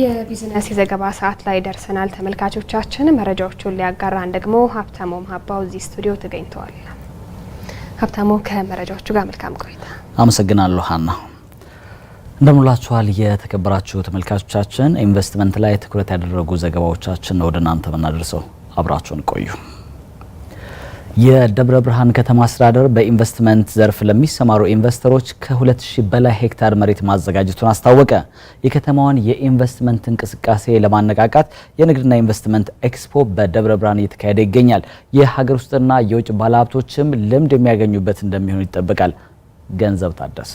የቢዝነስ የዘገባ ሰዓት ላይ ደርሰናል። ተመልካቾቻችን መረጃዎቹን ሊያጋራን ደግሞ ሀብታሙ ሀባው እዚህ ስቱዲዮ ተገኝተዋል። ሀብታሙ ከመረጃዎቹ ጋር መልካም ቆይታ። አመሰግናለሁ ሀና። እንደምላችኋል የተከበራችሁ ተመልካቾቻችን፣ ኢንቨስትመንት ላይ ትኩረት ያደረጉ ዘገባዎቻችን ወደ እናንተ የምናደርሰው አብራችሁን ቆዩ። የደብረ ብርሃን ከተማ አስተዳደር በኢንቨስትመንት ዘርፍ ለሚሰማሩ ኢንቨስተሮች ከ2000 በላይ ሄክታር መሬት ማዘጋጀቱን አስታወቀ። የከተማዋን የኢንቨስትመንት እንቅስቃሴ ለማነቃቃት የንግድና ኢንቨስትመንት ኤክስፖ በደብረ ብርሃን እየተካሄደ ይገኛል። የሀገር ውስጥና የውጭ ባለሀብቶችም ልምድ የሚያገኙበት እንደሚሆን ይጠበቃል። ገንዘብ ታደሰ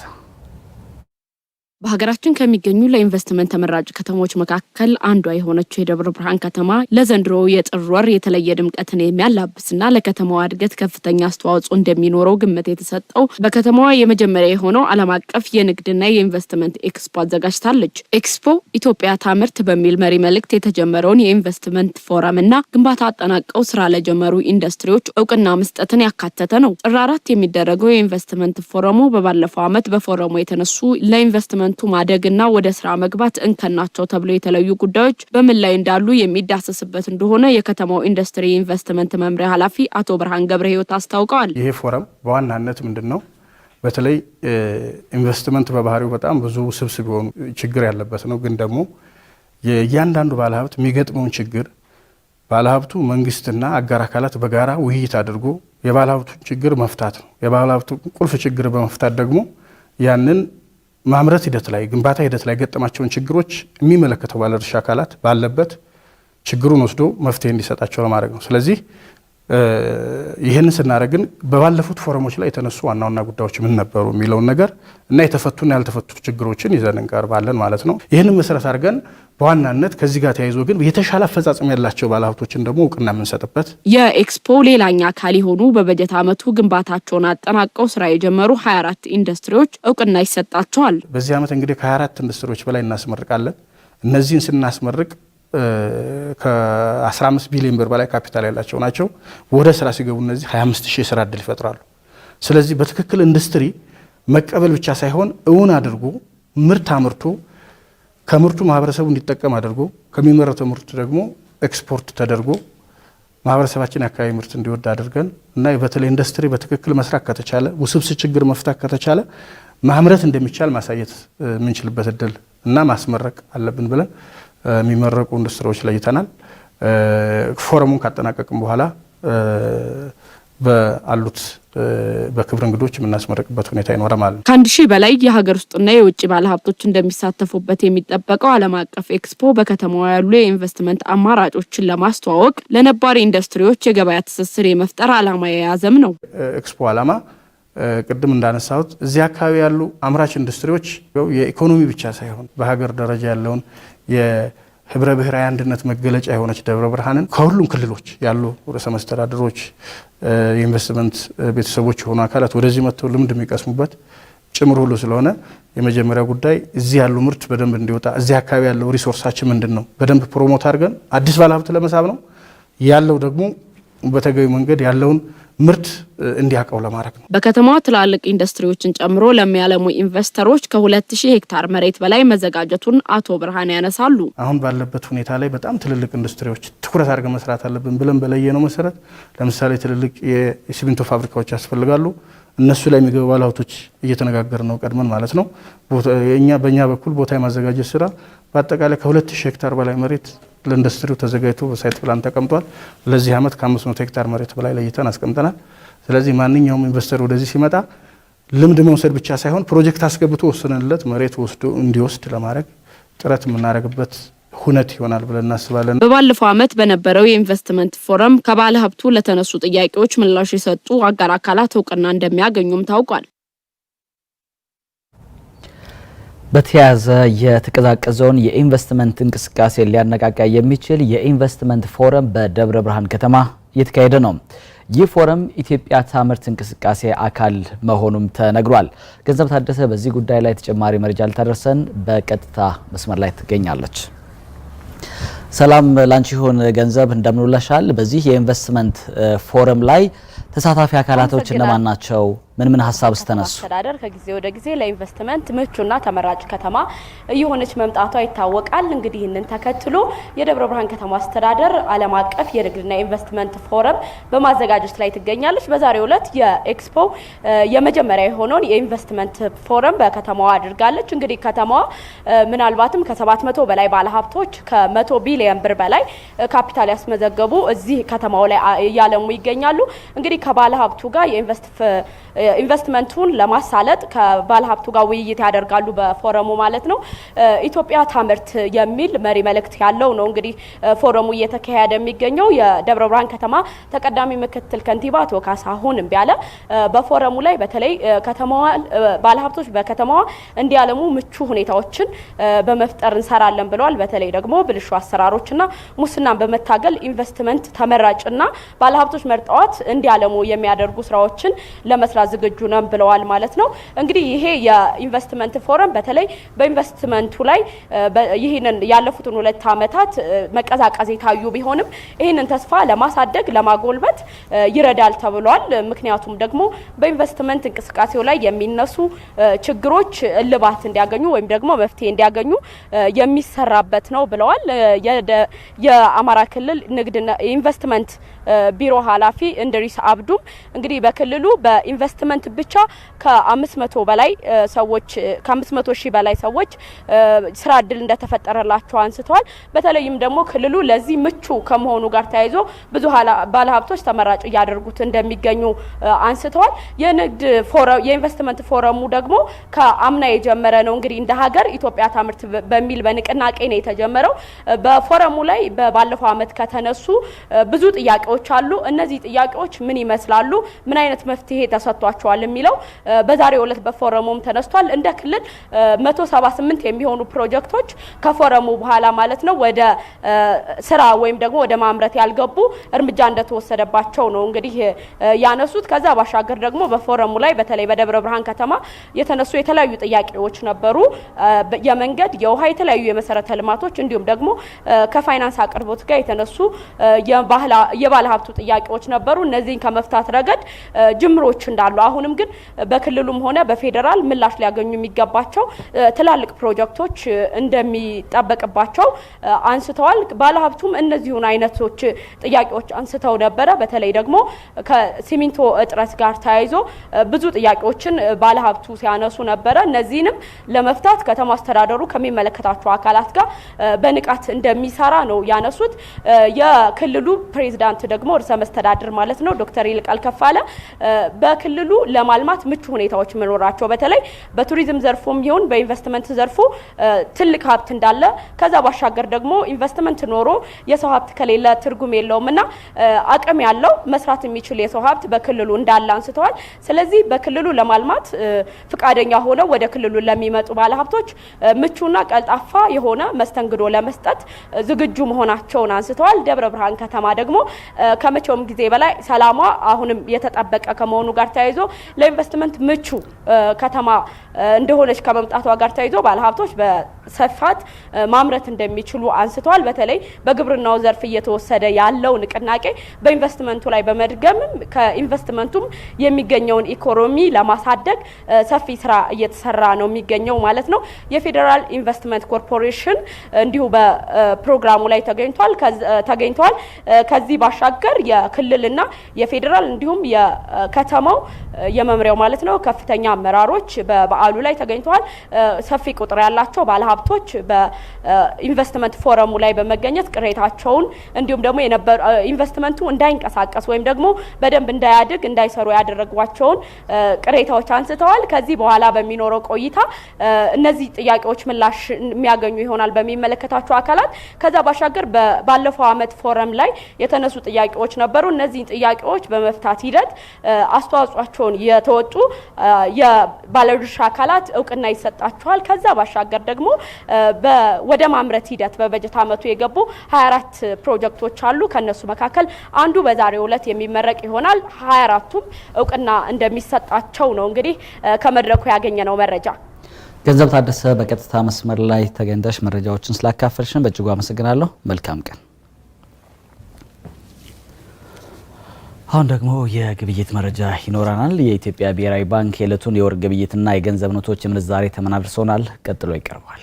በሀገራችን ከሚገኙ ለኢንቨስትመንት ተመራጭ ከተሞች መካከል አንዷ የሆነችው የደብረ ብርሃን ከተማ ለዘንድሮ የጥር ወር የተለየ ድምቀትን የሚያላብስና ለከተማዋ እድገት ከፍተኛ አስተዋጽኦ እንደሚኖረው ግምት የተሰጠው በከተማዋ የመጀመሪያ የሆነው ዓለም አቀፍ የንግድና የኢንቨስትመንት ኤክስፖ አዘጋጅታለች። ኤክስፖ ኢትዮጵያ ታምርት በሚል መሪ መልእክት የተጀመረውን የኢንቨስትመንት ፎረም ግንባታ አጠናቀው ስራ ለጀመሩ ኢንዱስትሪዎች እውቅና መስጠትን ያካተተ ነው። ጥር አራት የሚደረገው የኢንቨስትመንት ፎረሙ በባለፈው ዓመት በፎረሙ የተነሱ ለኢንቨስትመንት የታለንቱ ማደግና ወደ ስራ መግባት እንከን ናቸው ተብሎ የተለዩ ጉዳዮች በምን ላይ እንዳሉ የሚዳሰስበት እንደሆነ የከተማው ኢንዱስትሪ ኢንቨስትመንት መምሪያ ኃላፊ አቶ ብርሃን ገብረ ህይወት አስታውቀዋል። ይሄ ፎረም በዋናነት ምንድን ነው? በተለይ ኢንቨስትመንት በባህሪው በጣም ብዙ ስብስብ የሆኑ ችግር ያለበት ነው። ግን ደግሞ የእያንዳንዱ ባለሀብት የሚገጥመውን ችግር ባለሀብቱ መንግስትና አጋር አካላት በጋራ ውይይት አድርጎ የባለሀብቱን ችግር መፍታት ነው። የባለሀብቱ ቁልፍ ችግር በመፍታት ደግሞ ያንን ማምረት ሂደት ላይ ግንባታ ሂደት ላይ የገጠማቸውን ችግሮች የሚመለከተው ባለድርሻ አካላት ባለበት ችግሩን ወስዶ መፍትሄ እንዲሰጣቸው ለማድረግ ነው። ስለዚህ ይህንን ስናደረግ ግን በባለፉት ፎረሞች ላይ የተነሱ ዋና ዋና ጉዳዮች ምን ነበሩ የሚለውን ነገር እና የተፈቱና ያልተፈቱ ችግሮችን ይዘን እንቀርባለን ማለት ነው። ይህንን መሰረት አድርገን በዋናነት ከዚህ ጋር ተያይዞ ግን የተሻለ አፈጻጸም ያላቸው ባለሀብቶችን ደግሞ እውቅና የምንሰጥበት የኤክስፖ ሌላኛ አካል የሆኑ በበጀት ዓመቱ ግንባታቸውን አጠናቀው ስራ የጀመሩ 24 ኢንዱስትሪዎች እውቅና ይሰጣቸዋል። በዚህ ዓመት እንግዲህ ከ24 ኢንዱስትሪዎች በላይ እናስመርቃለን። እነዚህን ስናስመርቅ ከ15 ቢሊዮን ብር በላይ ካፒታል ያላቸው ናቸው። ወደ ስራ ሲገቡ እነዚህ 25 ሺህ የስራ እድል ይፈጥራሉ። ስለዚህ በትክክል ኢንዱስትሪ መቀበል ብቻ ሳይሆን እውን አድርጎ ምርት አምርቶ ከምርቱ ማህበረሰቡ እንዲጠቀም አድርጎ ከሚመረተው ምርቱ ደግሞ ኤክስፖርት ተደርጎ ማህበረሰባችን የአካባቢ ምርት እንዲወድ አድርገን እና በተለይ ኢንዱስትሪ በትክክል መስራት ከተቻለ ውስብስብ ችግር መፍታት ከተቻለ ማምረት እንደሚቻል ማሳየት የምንችልበት እድል እና ማስመረቅ አለብን ብለን የሚመረቁ ኢንዱስትሪዎች ለይተናል። ፎረሙን ካጠናቀቅም በኋላ በአሉት በክብር እንግዶች የምናስመረቅበት ሁኔታ ይኖረማል። ከአንድ ሺህ በላይ የሀገር ውስጥና የውጭ ባለሀብቶች እንደሚሳተፉበት የሚጠበቀው ዓለም አቀፍ ኤክስፖ በከተማዋ ያሉ የኢንቨስትመንት አማራጮችን ለማስተዋወቅ ለነባሪ ኢንዱስትሪዎች የገበያ ትስስር የመፍጠር ዓላማ የያዘም ነው። ኤክስፖ ዓላማ ቅድም እንዳነሳሁት እዚህ አካባቢ ያሉ አምራች ኢንዱስትሪዎች የኢኮኖሚ ብቻ ሳይሆን በሀገር ደረጃ ያለውን ህብረ ብሔራዊ አንድነት መገለጫ የሆነች ደብረ ብርሃንን ከሁሉም ክልሎች ያሉ ርዕሰ መስተዳድሮች፣ የኢንቨስትመንት ቤተሰቦች የሆኑ አካላት ወደዚህ መጥተው ልምድ የሚቀስሙበት ጭምር ሁሉ ስለሆነ የመጀመሪያ ጉዳይ እዚህ ያለው ምርት በደንብ እንዲወጣ፣ እዚህ አካባቢ ያለው ሪሶርሳችን ምንድን ነው በደንብ ፕሮሞት አድርገን አዲስ ባለሀብት ለመሳብ ነው ያለው ደግሞ በተገቢ መንገድ ያለውን ምርት እንዲያውቀው ለማድረግ ነው። በከተማዋ ትላልቅ ኢንዱስትሪዎችን ጨምሮ ለሚያለሙ ኢንቨስተሮች ከሁለት ሺህ ሄክታር መሬት በላይ መዘጋጀቱን አቶ ብርሃን ያነሳሉ። አሁን ባለበት ሁኔታ ላይ በጣም ትልልቅ ኢንዱስትሪዎች ትኩረት አድርገን መስራት አለብን ብለን በለየነው መሰረት ለምሳሌ ትልልቅ የሲሚንቶ ፋብሪካዎች ያስፈልጋሉ። እነሱ ላይ የሚገቡ ባለሀብቶች እየተነጋገር ነው ቀድመን ማለት ነው። በእኛ በኩል ቦታ የማዘጋጀት ስራ በአጠቃላይ ከሁለት ሺህ ሄክታር በላይ መሬት ለኢንዱስትሪው ተዘጋጅቶ በሳይት ፕላን ተቀምጧል። ለዚህ ዓመት ከ500 ሄክታር መሬት በላይ ለይተን አስቀምጠናል። ስለዚህ ማንኛውም ኢንቨስተር ወደዚህ ሲመጣ ልምድ መውሰድ ብቻ ሳይሆን ፕሮጀክት አስገብቶ ወስነንለት መሬት ወስዶ እንዲወስድ ለማድረግ ጥረት የምናደርግበት ሁነት ይሆናል ብለን እናስባለን። በባለፈው ዓመት በነበረው የኢንቨስትመንት ፎረም ከባለ ሀብቱ ለተነሱ ጥያቄዎች ምላሽ የሰጡ አጋር አካላት እውቅና እንደሚያገኙም ታውቋል። በተያያዘ የተቀዛቀዘውን የኢንቨስትመንት እንቅስቃሴ ሊያነቃቃ የሚችል የኢንቨስትመንት ፎረም በደብረ ብርሃን ከተማ እየተካሄደ ነው። ይህ ፎረም ኢትዮጵያ ታምርት እንቅስቃሴ አካል መሆኑም ተነግሯል። ገንዘብ ታደሰ በዚህ ጉዳይ ላይ ተጨማሪ መረጃ ልታደርሰን በቀጥታ መስመር ላይ ትገኛለች። ሰላም ላንቺ ይሁን ገንዘብ፣ እንደምንውለሻል። በዚህ የኢንቨስትመንት ፎረም ላይ ተሳታፊ አካላቶች እነማን ናቸው? ምን ምን ሀሳብ ስተነሱ አስተዳደር ከጊዜ ወደ ጊዜ ለኢንቨስትመንት ምቹና ተመራጭ ከተማ እየሆነች መምጣቷ ይታወቃል። እንግዲህ ይህንን ተከትሎ የደብረ ብርሃን ከተማ አስተዳደር ዓለም አቀፍ የንግድና ኢንቨስትመንት ፎረም በማዘጋጀት ላይ ትገኛለች። በዛሬው ዕለት የኤክስፖ የመጀመሪያ የሆነውን የኢንቨስትመንት ፎረም በከተማዋ አድርጋለች። እንግዲህ ከተማዋ ምናልባትም ከሰባት መቶ በላይ ባለሀብቶች ከመቶ ቢሊዮን ብር በላይ ካፒታል ያስመዘገቡ እዚህ ከተማው ላይ እያለሙ ይገኛሉ። እንግዲህ ከባለሀብቱ ጋር የኢንቨስት ኢንቨስትመንቱን ለማሳለጥ ከባለሀብቱ ጋር ውይይት ያደርጋሉ በፎረሙ ማለት ነው። ኢትዮጵያ ታምርት የሚል መሪ መልእክት ያለው ነው እንግዲህ ፎረሙ እየተካሄደ የሚገኘው። የደብረ ብርሃን ከተማ ተቀዳሚ ምክትል ከንቲባ አቶ ካሳሁን እምቢያለ በፎረሙ ላይ በተለይ ከተማዋ ባለሀብቶች በከተማዋ እንዲያለሙ ምቹ ሁኔታዎችን በመፍጠር እንሰራለን ብለዋል። በተለይ ደግሞ ብልሹ አሰራሮችና ሙስናን በመታገል ኢንቨስትመንት ተመራጭና ባለሀብቶች መርጠዋት እንዲያለሙ የሚያደርጉ ስራዎችን ለመስራት ዝግጁ ነን ብለዋል ማለት ነው። እንግዲህ ይሄ የኢንቨስትመንት ፎረም በተለይ በኢንቨስትመንቱ ላይ ይህንን ያለፉትን ሁለት ዓመታት መቀዛቀዝ የታዩ ቢሆንም ይህንን ተስፋ ለማሳደግ ለማጎልበት ይረዳል ተብሏል። ምክንያቱም ደግሞ በኢንቨስትመንት እንቅስቃሴው ላይ የሚነሱ ችግሮች እልባት እንዲያገኙ ወይም ደግሞ መፍትሄ እንዲያገኙ የሚሰራበት ነው ብለዋል። የአማራ ክልል ንግድና ኢንቨስትመንት ቢሮ ኃላፊ እንድሪስ አብዱም እንግዲህ በክልሉ በኢንቨስት ኢንቨስትመንት ብቻ ከ500 በላይ ሰዎች ከ500 ሺህ በላይ ሰዎች ስራ እድል እንደተፈጠረላቸው አንስተዋል። በተለይም ደግሞ ክልሉ ለዚህ ምቹ ከመሆኑ ጋር ተያይዞ ብዙ ባለሀብቶች ተመራጭ እያደረጉት እንደሚገኙ አንስተዋል። የንግድ ፎረም የኢንቨስትመንት ፎረሙ ደግሞ ከአምና የጀመረ ነው። እንግዲህ እንደ ሀገር ኢትዮጵያ ታምርት በሚል በንቅናቄ ነው የተጀመረው። በፎረሙ ላይ ባለፈው አመት ከተነሱ ብዙ ጥያቄዎች አሉ። እነዚህ ጥያቄዎች ምን ይመስላሉ? ምን አይነት መፍትሄ ተሰጥቷል ይኖርባቸዋል የሚለው በዛሬው ዕለት በፎረሙም ተነስቷል። እንደ ክልል 178 የሚሆኑ ፕሮጀክቶች ከፎረሙ በኋላ ማለት ነው ወደ ስራ ወይም ደግሞ ወደ ማምረት ያልገቡ እርምጃ እንደተወሰደባቸው ነው እንግዲህ ያነሱት። ከዛ ባሻገር ደግሞ በፎረሙ ላይ በተለይ በደብረ ብርሃን ከተማ የተነሱ የተለያዩ ጥያቄዎች ነበሩ። የመንገድ፣ የውሃ፣ የተለያዩ የመሰረተ ልማቶች እንዲሁም ደግሞ ከፋይናንስ አቅርቦት ጋር የተነሱ የባለሀብቱ ሀብቱ ጥያቄዎች ነበሩ። እነዚህን ከመፍታት ረገድ ጅምሮች እንዳሉ አሁንም ግን በክልሉም ሆነ በፌዴራል ምላሽ ሊያገኙ የሚገባቸው ትላልቅ ፕሮጀክቶች እንደሚጠበቅባቸው አንስተዋል። ባለሀብቱም እነዚሁን አይነቶች ጥያቄዎች አንስተው ነበረ። በተለይ ደግሞ ከሲሚንቶ እጥረት ጋር ተያይዞ ብዙ ጥያቄዎችን ባለሀብቱ ሲያነሱ ነበረ። እነዚህንም ለመፍታት ከተማ አስተዳደሩ ከሚመለከታቸው አካላት ጋር በንቃት እንደሚሰራ ነው ያነሱት። የክልሉ ፕሬዚዳንት ደግሞ ርዕሰ መስተዳድር ማለት ነው ዶክተር ይልቃል ከፋለ በክልሉ ክልሉ ለማልማት ምቹ ሁኔታዎች መኖራቸው በተለይ በቱሪዝም ዘርፉም ይሁን በኢንቨስትመንት ዘርፉ ትልቅ ሀብት እንዳለ ከዛ ባሻገር ደግሞ ኢንቨስትመንት ኖሮ የሰው ሀብት ከሌለ ትርጉም የለውም እና አቅም ያለው መስራት የሚችል የሰው ሀብት በክልሉ እንዳለ አንስተዋል። ስለዚህ በክልሉ ለማልማት ፍቃደኛ ሆነው ወደ ክልሉ ለሚመጡ ባለሀብቶች ምቹና ቀልጣፋ የሆነ መስተንግዶ ለመስጠት ዝግጁ መሆናቸውን አንስተዋል። ደብረ ብርሃን ከተማ ደግሞ ከመቼውም ጊዜ በላይ ሰላሟ አሁንም የተጠበቀ ከመሆኑ ጋር ተያይዞ ተያይዞ ለኢንቨስትመንት ምቹ ከተማ እንደሆነች ከመምጣቷ ጋር ተያይዞ ባለሀብቶች በስፋት ማምረት እንደሚችሉ አንስተዋል። በተለይ በግብርናው ዘርፍ እየተወሰደ ያለው ንቅናቄ በኢንቨስትመንቱ ላይ በመድገምም ከኢንቨስትመንቱም የሚገኘውን ኢኮኖሚ ለማሳደግ ሰፊ ስራ እየተሰራ ነው የሚገኘው ማለት ነው። የፌዴራል ኢንቨስትመንት ኮርፖሬሽን እንዲሁ በፕሮግራሙ ላይ ተገኝቷል ተገኝተዋል። ከዚህ ባሻገር የክልልና የፌዴራል እንዲሁም የከተማው የመምሪያው ማለት ነው ከፍተኛ አመራሮች በበዓሉ ላይ ተገኝተዋል። ሰፊ ቁጥር ያላቸው ባለሀብቶች በኢንቨስትመንት ፎረሙ ላይ በመገኘት ቅሬታቸውን እንዲሁም ደግሞ ኢንቨስትመንቱ እንዳይንቀሳቀስ ወይም ደግሞ በደንብ እንዳያድግ እንዳይሰሩ ያደረጓቸውን ቅሬታዎች አንስተዋል። ከዚህ በኋላ በሚኖረው ቆይታ እነዚህ ጥያቄዎች ምላሽ የሚያገኙ ይሆናል በሚመለከታቸው አካላት። ከዛ ባሻገር ባለፈው አመት ፎረም ላይ የተነሱ ጥያቄዎች ነበሩ። እነዚህ ጥያቄዎች በመፍታት ሂደት አስተዋጽኦ። ሚናቸውን የተወጡ የባለድርሻ አካላት እውቅና ይሰጣቸዋል። ከዛ ባሻገር ደግሞ ወደ ማምረት ሂደት በበጀት አመቱ የገቡ 24 ፕሮጀክቶች አሉ። ከነሱ መካከል አንዱ በዛሬው ሁለት የሚመረቅ ይሆናል። 24ቱም እውቅና እንደሚሰጣቸው ነው እንግዲህ ከመድረኩ ያገኘነው መረጃ። ገንዘብ ታደሰ በቀጥታ መስመር ላይ ተገኝተሽ መረጃዎችን ስላካፈልሽን በእጅጉ አመሰግናለሁ። መልካም ቀን። አሁን ደግሞ የግብይት መረጃ ይኖረናል። የኢትዮጵያ ብሔራዊ ባንክ የዕለቱን የወር ግብይትና የገንዘብ ኖቶች ምንዛሬ ተመናድርሶናል። ቀጥሎ ይቀርባል።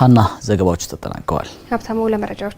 ሀና፣ ዘገባዎች ተጠናቀዋል። ሀብታሙ ለመረጃዎች